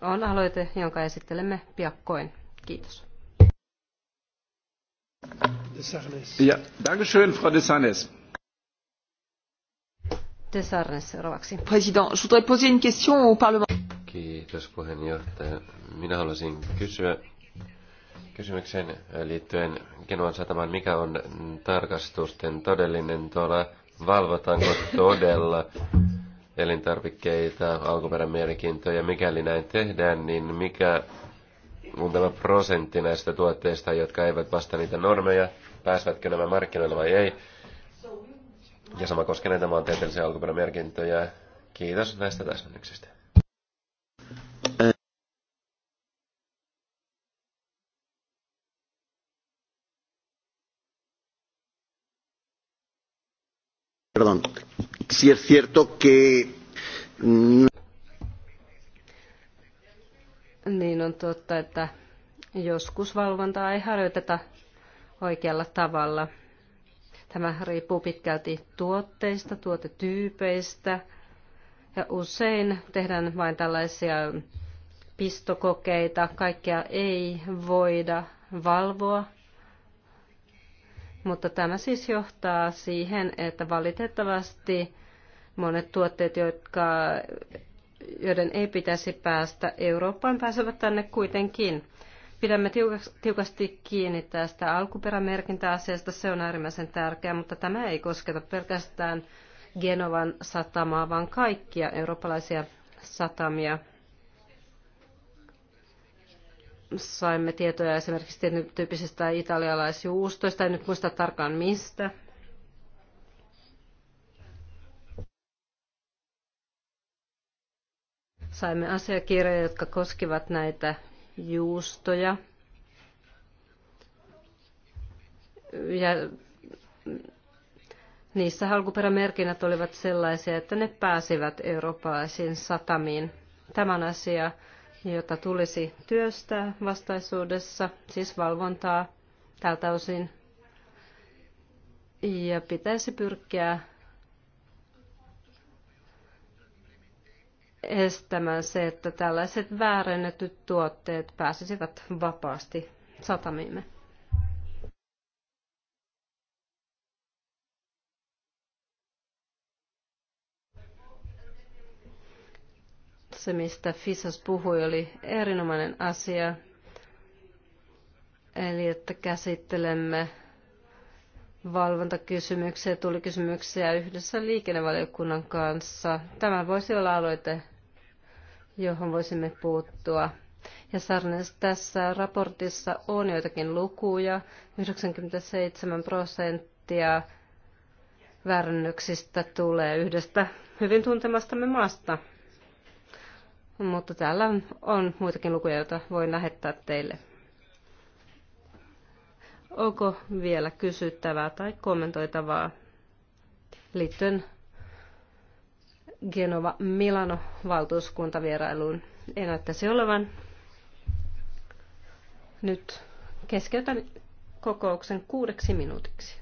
on aloite, jonka esittelemme piakkoin. Kiitos. Ja, dankeschön, Frau Desarnes seuraavaksi. President, je voudrais poser une question au Parlement. Kiitos puheenjohtaja. Minä haluaisin kysyä kysymykseen liittyen Genuan satamaan, mikä on tarkastusten todellinen tuolla, valvotaanko todella elintarvikkeita, alkuperämerkintöjä, mikäli näin tehdään, niin mikä muutama prosentti näistä tuotteista, jotka eivät vasta niitä normeja, pääsevätkö nämä markkinoille vai ei. Ja sama koskee näitä maantieteellisiä alkuperämerkintöjä. Kiitos näistä täsmennyksistä. Perdón. Si es cierto que mm, on totta, että joskus valvontaa ei harjoiteta oikealla tavalla. Tämä riippuu pitkälti tuotteista, tuotetyypeistä ja usein tehdään vain tällaisia pistokokeita. Kaikkea ei voida valvoa, mutta tämä siis johtaa siihen, että valitettavasti monet tuotteet, jotka joiden ei pitäisi päästä Eurooppaan, pääsevät tänne kuitenkin. Pidämme tiukasti kiinni tästä alkuperämerkintäasiasta, se on äärimmäisen tärkeää, mutta tämä ei kosketa pelkästään Genovan satamaa, vaan kaikkia eurooppalaisia satamia. Saimme tietoja esimerkiksi tietyn tyyppisistä italialaisjuustoista, en nyt muista tarkkaan mistä, Saimme asiakirjoja, jotka koskivat näitä juustoja. Ja niissä alkuperämerkinnät olivat sellaisia, että ne pääsivät eurooppalaisiin satamiin. Tämän asia, jota tulisi työstää vastaisuudessa, siis valvontaa tältä osin. Ja pitäisi pyrkiä estämään se, että tällaiset väärennetyt tuotteet pääsisivät vapaasti satamiimme. Se, mistä Fisas puhui, oli erinomainen asia. Eli että käsittelemme valvontakysymyksiä, tulikysymyksiä yhdessä liikennevaliokunnan kanssa. Tämä voisi olla aloite, johon voisimme puuttua. Ja Sarnes, tässä raportissa on joitakin lukuja. 97 prosenttia väärännyksistä tulee yhdestä hyvin tuntemastamme maasta. Mutta täällä on muitakin lukuja, joita voin lähettää teille. Onko vielä kysyttävää tai kommentoitavaa liittyen Genova Milano valtuuskuntavierailuun? Ei näyttäisi olevan. Nyt keskeytän kokouksen kuudeksi minuutiksi.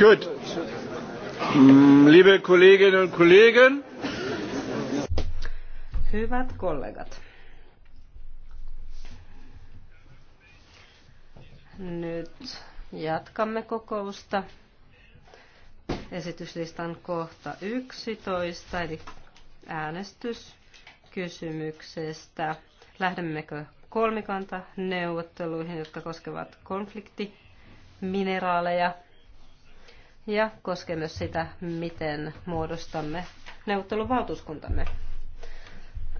Gut. Mm, liebe Kolleginnen und Kollegen. Hyvät kollegat. Nyt jatkamme kokousta. Esityslistan kohta 11, eli äänestys kysymyksestä. Lähdemmekö kolmikanta neuvotteluihin, jotka koskevat konflikti mineraaleja ja koskee myös sitä, miten muodostamme neuvotteluvaltuuskuntamme.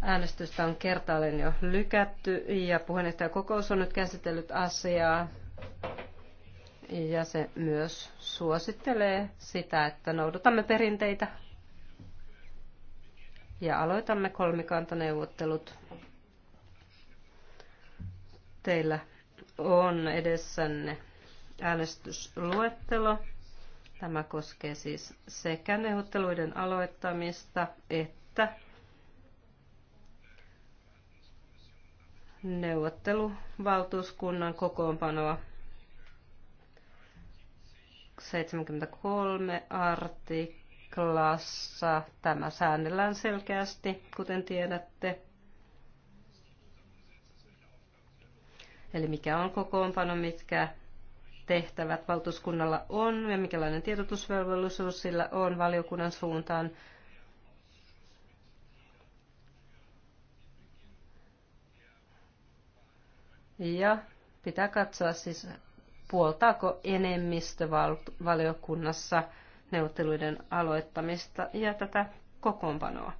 Äänestystä on kertaalleen jo lykätty ja puheenjohtajakokous on nyt käsitellyt asiaa ja se myös suosittelee sitä, että noudatamme perinteitä ja aloitamme kolmikantaneuvottelut. Teillä on edessänne äänestysluettelo. Tämä koskee siis sekä neuvotteluiden aloittamista että neuvotteluvaltuuskunnan kokoonpanoa 73 artiklassa. Tämä säännellään selkeästi, kuten tiedätte. Eli mikä on kokoonpano, mitkä tehtävät valtuuskunnalla on ja mikälainen tiedotusvelvollisuus sillä on valiokunnan suuntaan. Ja pitää katsoa siis, puoltaako enemmistö valiokunnassa neuvotteluiden aloittamista ja tätä kokoonpanoa.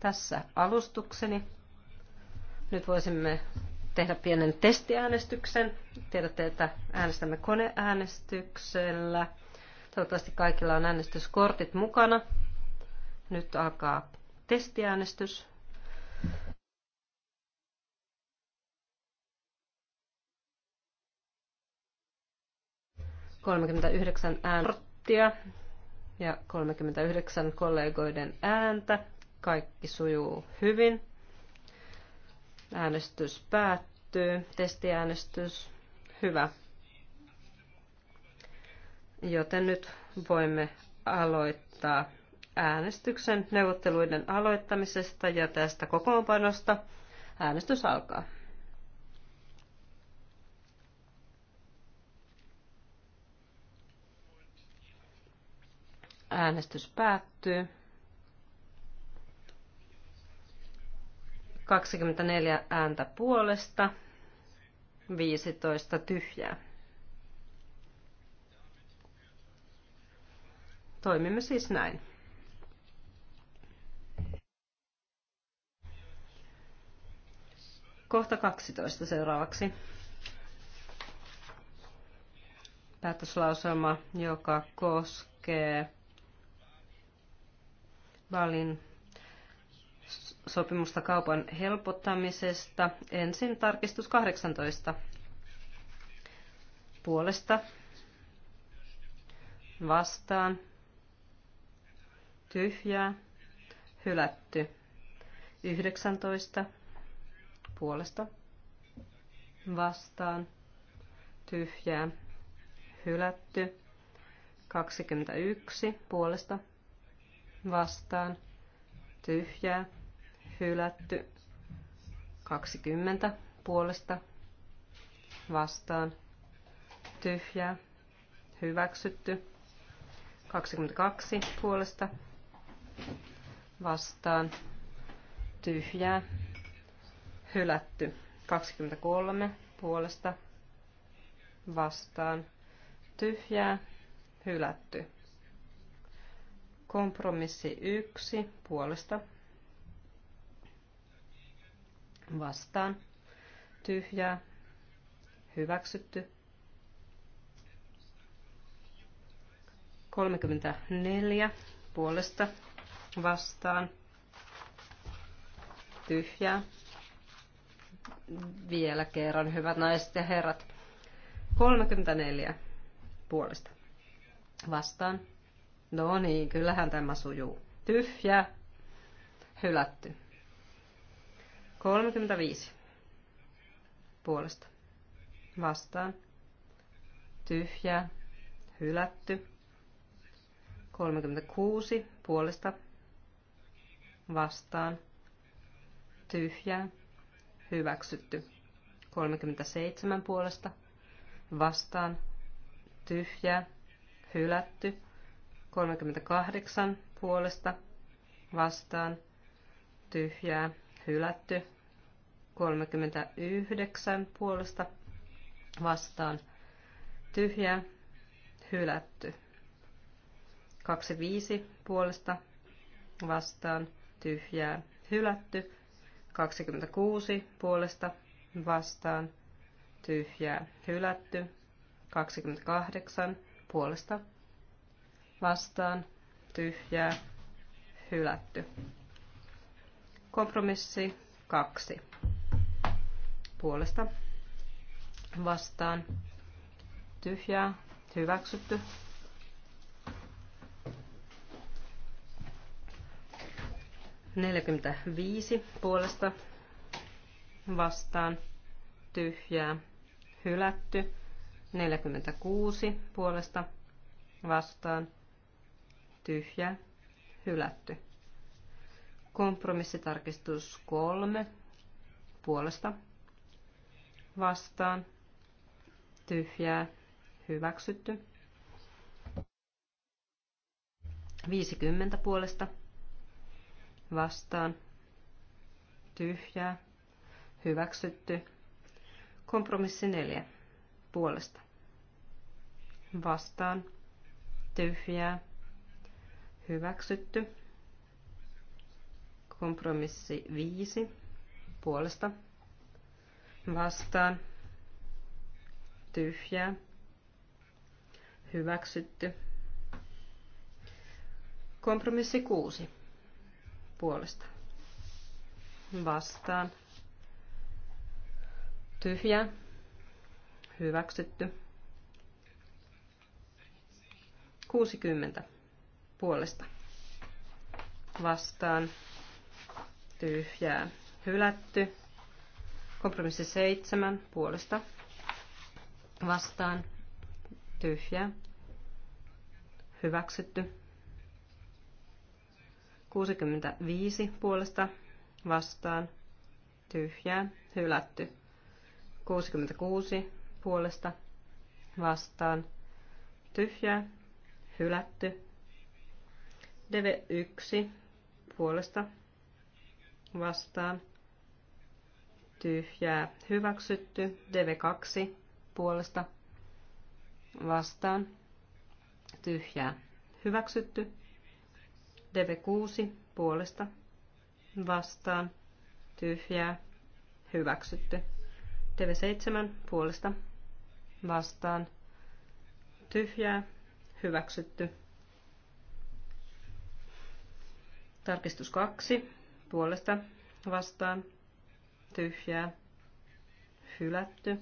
Tässä alustukseni. Nyt voisimme tehdä pienen testiäänestyksen. Tiedätte, että äänestämme koneäänestyksellä. Toivottavasti kaikilla on äänestyskortit mukana. Nyt alkaa testiäänestys. 39 ääntä ja 39 kollegoiden ääntä. Kaikki sujuu hyvin. Äänestys päättyy. Testiäänestys. Hyvä. Joten nyt voimme aloittaa äänestyksen neuvotteluiden aloittamisesta ja tästä kokoonpanosta. Äänestys alkaa. Äänestys päättyy. 24 ääntä puolesta, 15 tyhjää. Toimimme siis näin. Kohta 12 seuraavaksi. Päätöslauselma, joka koskee Valin sopimusta kaupan helpottamisesta. Ensin tarkistus 18 puolesta vastaan tyhjää hylätty 19 puolesta vastaan tyhjää hylätty 21 puolesta vastaan tyhjää, hylätty. 20 puolesta vastaan, tyhjää, hyväksytty. 22 puolesta vastaan, tyhjää, hylätty. 23 puolesta vastaan, tyhjää, hylätty. Kompromissi yksi puolesta vastaan tyhjää hyväksytty 34 puolesta vastaan tyhjää. Vielä kerran, hyvät naiset ja herrat. 34 puolesta vastaan No niin, kyllähän tämä sujuu. Tyhjä, hylätty. 35. Puolesta. Vastaan. Tyhjä, hylätty. 36. Puolesta. Vastaan. Tyhjä, hyväksytty. 37. Puolesta. Vastaan. Tyhjä, hylätty. 38 puolesta vastaan tyhjää hylätty. 39 puolesta vastaan tyhjää hylätty. 25 puolesta vastaan tyhjää hylätty. 26 puolesta vastaan tyhjää hylätty. 28 puolesta vastaan tyhjää hylätty. Kompromissi kaksi puolesta vastaan tyhjää hyväksytty. viisi puolesta vastaan tyhjää hylätty. kuusi puolesta vastaan tyhjä, hylätty. Kompromissitarkistus kolme puolesta vastaan tyhjää hyväksytty. 50 puolesta vastaan tyhjää hyväksytty. Kompromissi neljä puolesta vastaan tyhjää Hyväksytty. Kompromissi 5 puolesta. Vastaan. Tyhjää. Hyväksytty. Kompromissi 6 puolesta. Vastaan. Tyhjää. Hyväksytty. 60 puolesta vastaan tyhjää hylätty. Kompromissi 7 puolesta vastaan tyhjää hyväksytty. 65 puolesta vastaan tyhjää hylätty. 66 puolesta vastaan tyhjää hylätty. DV1 puolesta vastaan tyhjää hyväksytty. DV2 puolesta vastaan tyhjää hyväksytty. DV6 puolesta vastaan tyhjää hyväksytty. TV7 puolesta vastaan tyhjää hyväksytty. Tarkistus kaksi puolesta vastaan tyhjää hylätty.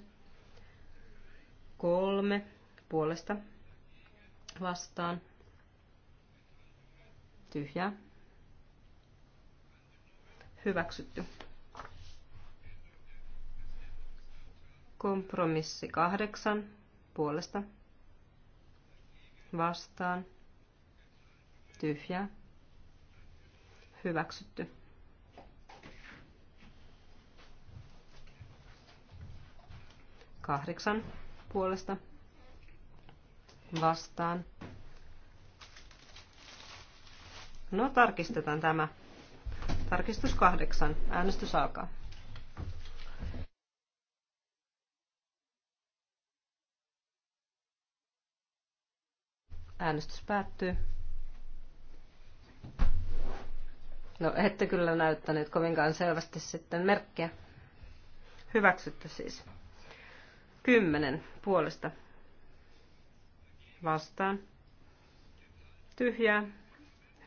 Kolme puolesta vastaan tyhjää hyväksytty. Kompromissi kahdeksan puolesta vastaan tyhjää hyväksytty. Kahdeksan puolesta vastaan. No tarkistetaan tämä. Tarkistus kahdeksan. Äänestys alkaa. Äänestys päättyy. No ette kyllä näyttänyt kovinkaan selvästi sitten merkkiä. Hyväksytte siis. Kymmenen puolesta. Vastaan. Tyhjää.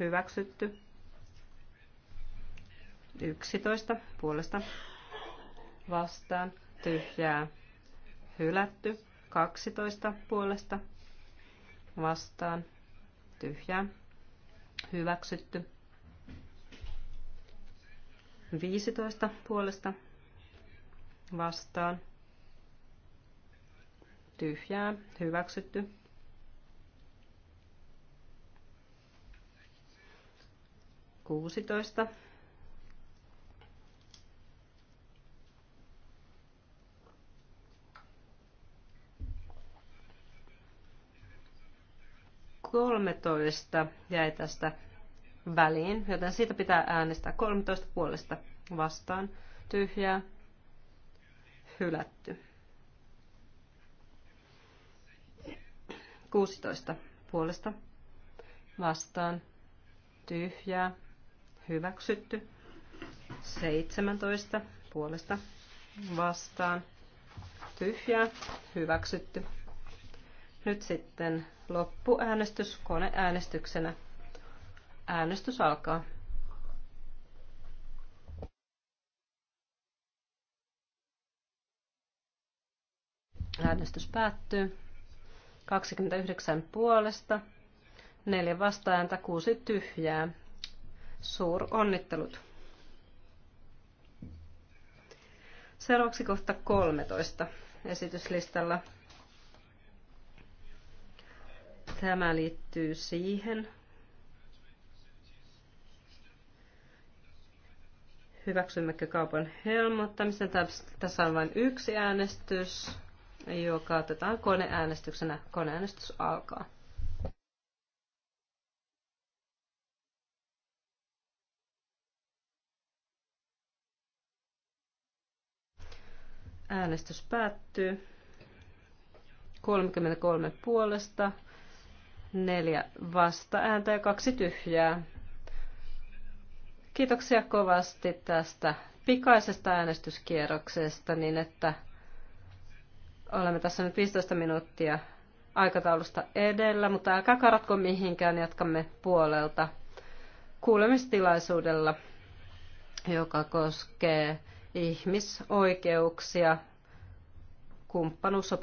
Hyväksytty. Yksitoista puolesta. Vastaan. Tyhjää. Hylätty. Kaksitoista puolesta. Vastaan. Tyhjää. Hyväksytty. 15 puolesta vastaan. Tyhjää, hyväksytty. Kuusitoista. Kolmetoista jäi tästä väliin, joten siitä pitää äänestää 13 puolesta vastaan. Tyhjää, hylätty. 16 puolesta vastaan. Tyhjää, hyväksytty. 17 puolesta vastaan. Tyhjää, hyväksytty. Nyt sitten loppuäänestys koneäänestyksenä. Äänestys alkaa. Äänestys päättyy. 29 puolesta, 4 vastaajanta, 6 tyhjää. Suur onnittelut. Seuraavaksi kohta 13 esityslistalla. Tämä liittyy siihen, hyväksymmekö kaupan helmoittamisen. Tässä on vain yksi äänestys, joka otetaan koneäänestyksenä. Koneäänestys alkaa. Äänestys päättyy. 33 puolesta, neljä vasta ääntä ja kaksi tyhjää. Kiitoksia kovasti tästä pikaisesta äänestyskierroksesta niin, että olemme tässä nyt 15 minuuttia aikataulusta edellä, mutta älkää karatko mihinkään, jatkamme puolelta kuulemistilaisuudella, joka koskee ihmisoikeuksia kumppanuussopimuksen